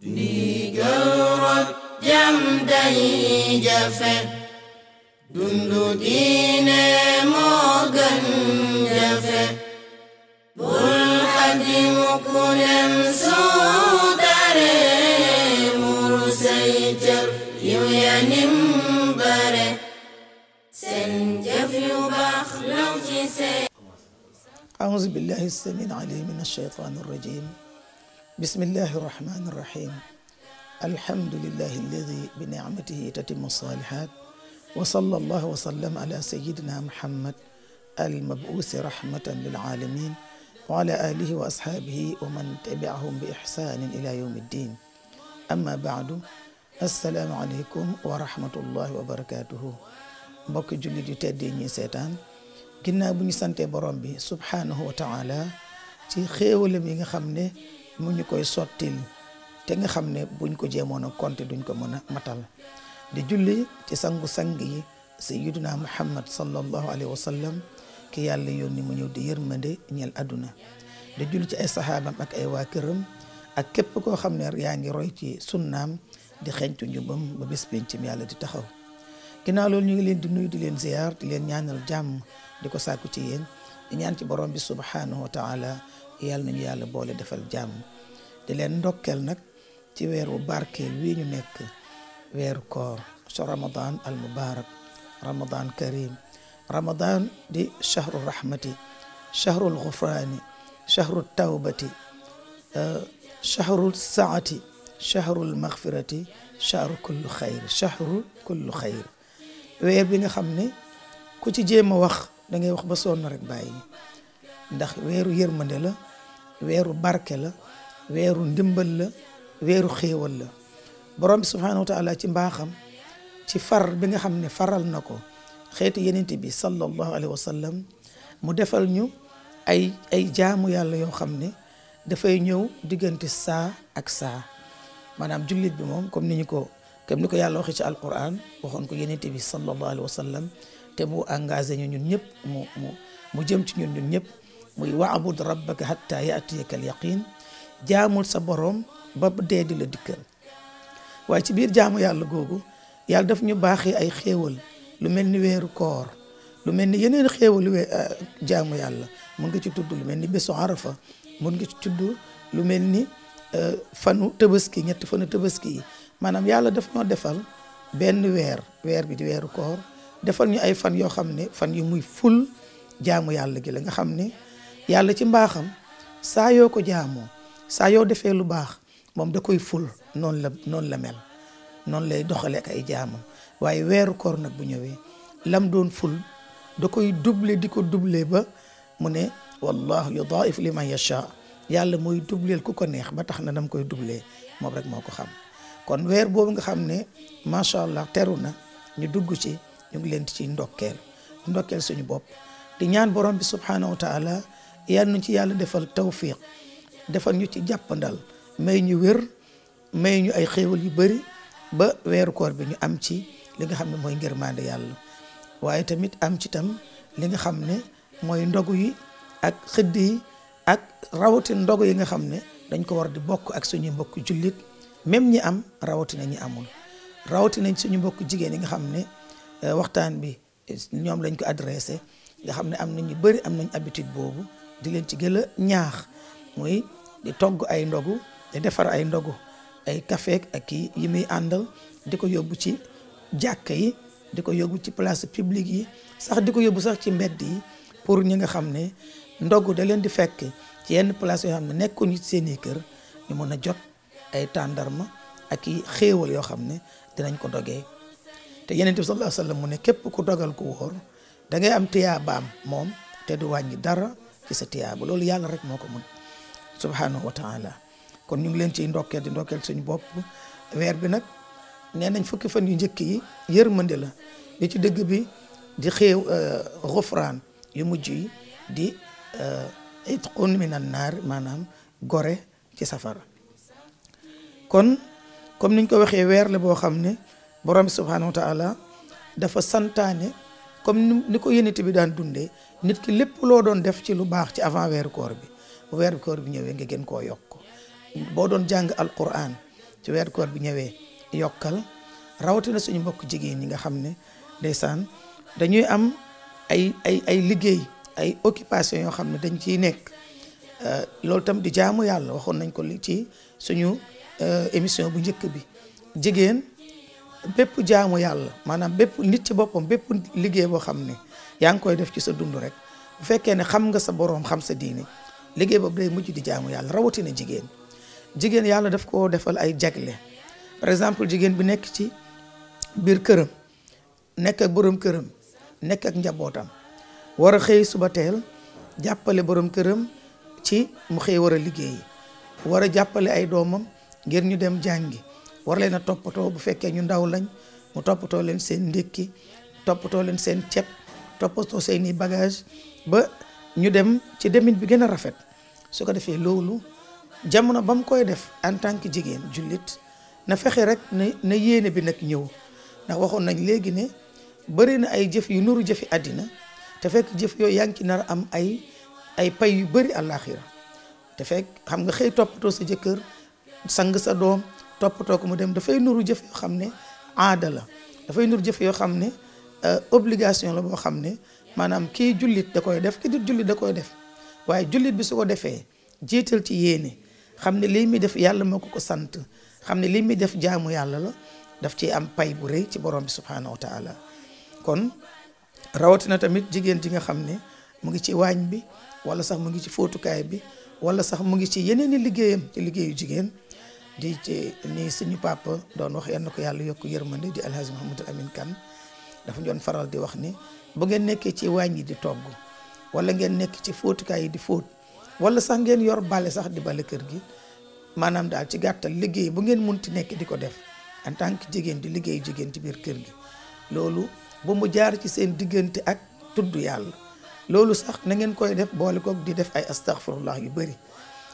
Digərək jamdayi jafe Dundu dine mogan jafe Bul hadi mukunem sodare Mursaycar yuyanim bare Sen jafe bakhlaw jise أعوذ بالله السميع العليم من الشيطان الرجيم بسم الله الرحمن الرحيم الحمد لله الذي بنعمته تتم الصالحات وصلى الله وسلم على سيدنا محمد المبعوث رحمة للعالمين وعلى آله وأصحابه ومن تبعهم بإحسان إلى يوم الدين أما بعد السلام عليكم ورحمة الله وبركاته بك جلد تديني tedd yi ñuy seetaan ginnaaw bu ñu santee borom bi mu ñu koy sottil te nga xam ne buñ ko jéemoon a duñ ko mën a matal di julli ci sangu sang yi sayyiduna muhammad sallallahu alayhi wa sallam ki yàlla yónni mu ñëw di yërmande ñeel àdduna di julli ci ay saxaabam ak ay waa ak képp koo xam ne yaa ngi roy ci sunnaam di xeñtu njubam ba yàlla di taxaw ginnaaw loolu ñu ngi leen di nuyu di leen ziar di leen ñaanal jàmm di ko sàkku ci yéen di ñaan ci borom bi subhanahu wa taala yàlla nañu yàlla boole defal jàmm di leen ndokkeel nag ci weeru barkeel wii ñu nekk weeru koor so ramadan al mubarak ramadan karim ramadan di shahru rahmati shahru xufraani shahru tawbati shahru saati shahru maxfirati shahru kullu xayr shahru kullu xayr weer bi nga xam ne ku ci jéem a wax da ngay wax ba sonn rek bàyyi ndax weeru yërmande la weeru barke la weeru ndimbal la weeru xéewal la borom bi subhaanahu wa ci mbaaxam ci far bi nga xam ne faral na ko xeetu yenent bi sallallahu alayhi wa mu defal ñu ay ay jaamu yàlla yoo xam ne dafay ñëw diggante saa ak saa maanaam jullit bi moom comme ni ñu ko comme ni ko yàlla waxee ci alquran waxoon ko yenent bi sallallahu alayhi wa te mu engagé ñu ñun ñëpp mu mu jëm ci ñun ñun ñëpp muy waabud rabbaka hatta yaatiyaka al yaqin jaamul sa boroom ba dee di la dikkal waaye ci biir jaamu yàlla googu yàlla daf ñu baax baaxee ay xéewal lu mel ni weeru koor lu mel ni yeneen xéewalu ah, jaamu yàlla mun nga ci tudd lu mel ni bésu arafa mun nga ci tudd lu mel ni euh, fanu tëbaski ñetti fanu tëbaski yi maanaam yàlla daf ñoo defal benn weer weer bi di weeru koor defal ñu ay fan yoo xam ne fan yu muy ful jaamu yàlla gi la nga xam ni yàlla ci mbaxam sa yo ko jaamoo sa yo defé lu bax mom da koy ful non la non la mel non lay doxale kay ay waye wéru kor nak bu ñëwé lam doon ful da koy doubler diko doubler ba mu ne wallahu yudaif liman yasha yàlla moy doubler ku ko neex ba tax na dam koy doubler mom rek moko xam kon wér bobu nga xam ne sha allah teruna ñu dugg ci ñu ngi leen ci ndokkel ndokkel suñu bop di ñaan borom bi subhanahu wa taala yal nañ ci yàlla defal tawfiq defal ñu ci jàppandal may ñu wér may ñu ay xéewal yu bari ba weeru koor bi ñu am ci li nga xam ne mooy ngërmande yàlla waaye tamit am ci tam li nga xam ne mooy ndogu yi ak xëdd yi ak rawatin ndogu yi nga xam ne dañ ko war di bokk ak suñuy mbokk jullit même ñi am rawatina ñi amul rawatina suñu mbokk jigéen yi nga xam ne eh, waxtaan bi eh, ñoom lañ ko adressé nga xam ne am na ñu bëri am nañ habitude boobu di leen ci gën a ñaax muy di togg ay ndogu di defar ay ndogu ay kafeek ak kii yi muy àndal di ko yóbbu ci jàkka yi di ko yóbbu ci place publique yi sax di ko yóbbu sax ci mbedd yi pour ñi nga xam ne ndogu da leen di fekk ci yenn place yoo xam ne nekkuñu ci seeni kër ñu mën a jot ay tàndarma ak i xéewal yoo xam ne dinañ ko dogee te Yonent bi sallallahu alayhi wa mu ne képp ku dogal ku wóor da ngay am tiyaa baam moom te du wàññi dara ci sa tiyaaba loolu yàlla rek moo ko mun subhanahu wa taala kon ñu ngi leen ci ndokkeel di ndokkeel suñu bopp weer bi nag nee nañ fukki fan yu njëkk yi yërmande la li ci dëgg bi di xeew euh, xufraan yu mujj yi di euh, itqun minan naar maanaam gore ci safara kon comme niñ ko waxee weer la boo xam ne borom bi subhanahu wa dafa santaane comme ni ko yénite bi daan dundee nit ki lépp loo doon def ci lu baax ci avant weeru koor bi bu weeru koor bi ñëwee nga gën koo yokk boo doon jàng al alquran ci weeru koor bi ñëwee yokkal rawatina suñu mbokk jigéen ñi nga xam ne desan dañuy am ay ay ay liggéey ay occupation yoo xam ne dañ ciy nekk euh, loolu tam di jaamu yàlla waxoon nañ ko li ci suñu euh, émission bu njëkk bi jigéen bépp jaamu yàlla maanaam bépp nit ci boppam bépp liggéey boo xam ne yaa ngi koy def ci sa dund rek bu fekkee ne xam nga sa boroom xam sa diini liggéey boobu day mujj di jaamu yàlla rawatina jigéen jigéen yàlla daf koo defal ay jagle par exemple jigéen bi nekk ci biir këram nekk ak boroom këram nekk ak njabootam war a xëy suba teel jàppale boroom këram ci mu xëy war a liggéey war a jàppale ay doomam ngir ñu dem jàngi war leen a toppatoo bu fekkee ñu ndaw lañ mu toppatoo leen seen ndékki toppatoo leen seen ceeb toppatoo seeni bagage ba ñu dem ci demin bi gën a rafet su ko defee loolu jamono ba mu koy def en tant que jigéen jullit na fexe rek na na yéene bi nag ñëw ndax waxoon nañ léegi ne bëri na ay jëf yu nuru jëfi àddina te fekk jëf yooyu yaa ngi ci nar am ay ay pay yu bëri àllaaxira te fekk xam nga xëy toppatoo sa jëkkër sang sa doom toppatoo ko mu dem dafay nuru jëf yoo xam ne aada la dafay nuru jëf yoo xam ne euh, obligation la boo xam ne maanaam kii jullit da koy def kii dul jullit da koy def waaye jullit bi su ko defee jiital ci yéene xam ne lii muy def yàlla moo ko ko sant xam ne lii muy def jaamu yàlla la daf ci am pay bu rëy ci borom bi subhaanahu wa taala kon rawatina tamit jigéen ji nga xam ne mu ngi ci waañ bi wala sax mu ngi ci fóotukaay bi wala sax mu ngi ci yeneen i liggéeyam ci liggéeyu jigéen di ci ni suñu papa doon wax yal na ko yàlla yokk yërmande di alhaji Mouhamadou Amine kan dafa doon faral di wax ni bu ngeen nekkee ci waañ yi di togg wala ngeen nekk ci fóotukaay yi di fóot wala sax ngeen yor bale sax di bale kër gi maanaam daal ci gàttal liggéey bu ngeen munti nekk di ko def en tant que jigéen di liggéeyu jigéen ci biir kër gi loolu ba mu jaar ci seen diggante ak tudd yàlla loolu sax na ngeen koy def bolé ko di def ay astaghfirullah yu bari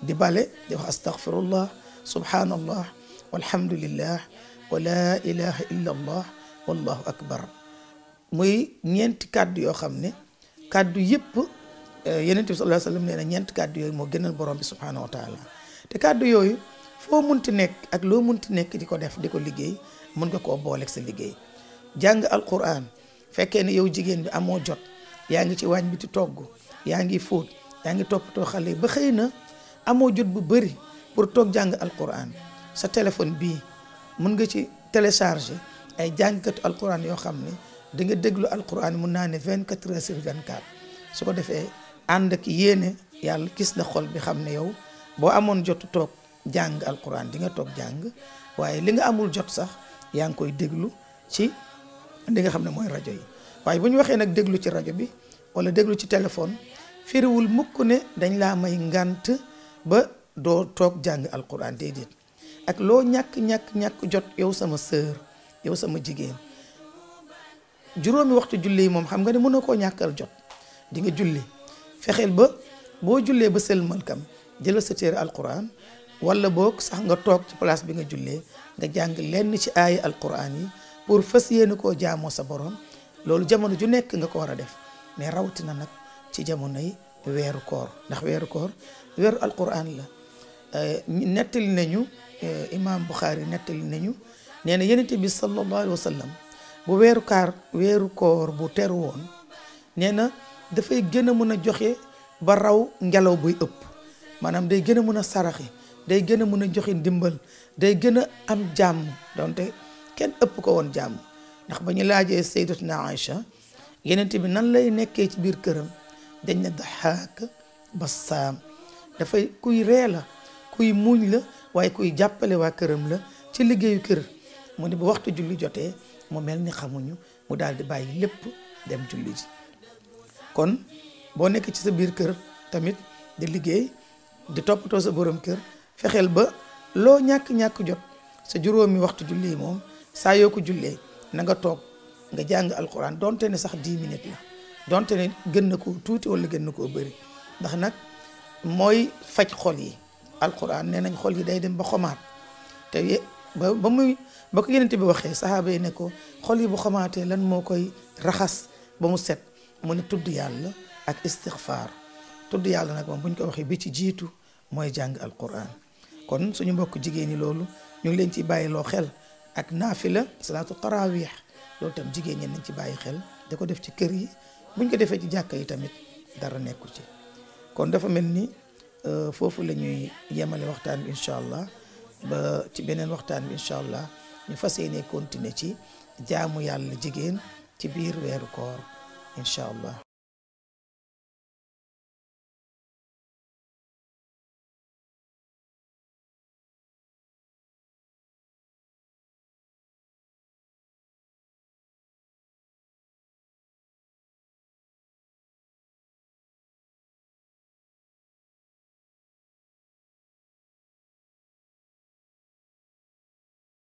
di bale di wax astaghfirullah subhanallah walhamdulillah wa la ilaha illa allah wallahu akbar muy ñent kàddu yo xamne kàddu yëpp yonent bi sallallahu alayhi wasallam sallam ñent kàddu yoy mo gënal borom bi subhanahu wa taala te kàddu yoy fo munti nek ak lo munti nek diko def diko ko liggéey mën nga koo booleeg sa liggéey jàng alquran fekke ne yow jigen bi amo jot yaa ngi ci waañ bi di togg yaa ngi fóot yaa ngi toppatoo xale yi ba xëy na amoo jot bu bëri pour toog jàng alquran sa téléphone bii mën nga ci télécharger ay jàngkatu alquran yoo xam ne da nga déglu alquran mun naa ne vingt 24 heures sur 24 su ko defee ànd ak yéene yàlla gis la xol bi xam ne yow boo amoon jotu toog jàng alquran di nga toog jàng waaye li nga amul jot sax yaa ngi koy déglu ci. li nga xam ne mooy rajo yi waaye bu ñu waxee nag déglu ci rajo bi wala déglu ci téléphone firiwul mukk ne dañ laa may ngànt ba doo toog jàng alquran déedéet ak loo ñàkk-ñàkk-ñàkk jot yow sama sœur yow sama jigéen juróomi waxtu julli yi moom xam nga ne mën a koo ñàkkal jot di nga julli fexeel ba boo jullee ba sëlmal kam jëlal sa téere alquran wala boog sax nga toog ci place bi nga jullee nga jàng lenn ci aaya alquran yi pour fas yéene koo jaamoo sa borom loolu jamono ju nekk nga ko war a def mais rawatina nag ci jamonoy weeru koor ndax weeru koor weeru alquran la eh, nettali nañu eh, imaam Buxaari nettali nañu nee na yenente bi sallallahu alayhi wa sallam bu weeru kaar weeru koor bu teru woon nee na dafay gën a mën a joxe ba raw ngelaw buy ëpp maanaam day gën a mën a saraxe day gën a mën a joxe ndimbal day gën a am jàmm doonte kenn ëpp ko woon jàmm ndax ba ñu laajee naa Aïcha yenent bi nan lay nekkee ci biir këram dañ ne daxaak bassaam dafay kuy ree la kuy muuñ la waaye kuy jàppale waa këram la ci liggéeyu kër mu ne bu waxtu julli jotee mu mel ni xamuñu mu daal di bàyyi lépp dem julli ji kon boo nekk ci sa biir kër tamit di liggéey di toppatoo sa borom kër fexeel ba loo ñàkk-ñàkk jot sa juróomi waxtu julli moom saa yoo ko jullee na nga toog nga jàng alquran donte ne sax 10 minutes la donte ne gën na koo tuuti wala gën na koo bëri ndax nag mooy faj xol yi alquran nee nañ xol yi day dem ba xomaat te ba ba muy ba ko bi waxee sahaaba yi ne ko xol yi bu xamaatee lan moo koy raxas ba mu set mu ne tudd yàlla ak istixfaar tudd yàlla nag moom bu ñu ko waxee bi ci jiitu mooy jàng alquran kon suñu mbokk jigéen ñi loolu ñu ngi leen ci loo xel ak naafila salaatu tarawih loolu tam jigéen ñi nañ ci bàyyi xel da ko def ci kër yi buñ ko defee ci jàkka yi tamit dara nekku ci kon dafa mel ni euh, foofu la ñuy yemale waxtaan bi incha allah ba ci beneen waxtaan bi incha allah ñu fas ne continuer ci jaamu yàlla jigéen ci biir weeru koor incha allah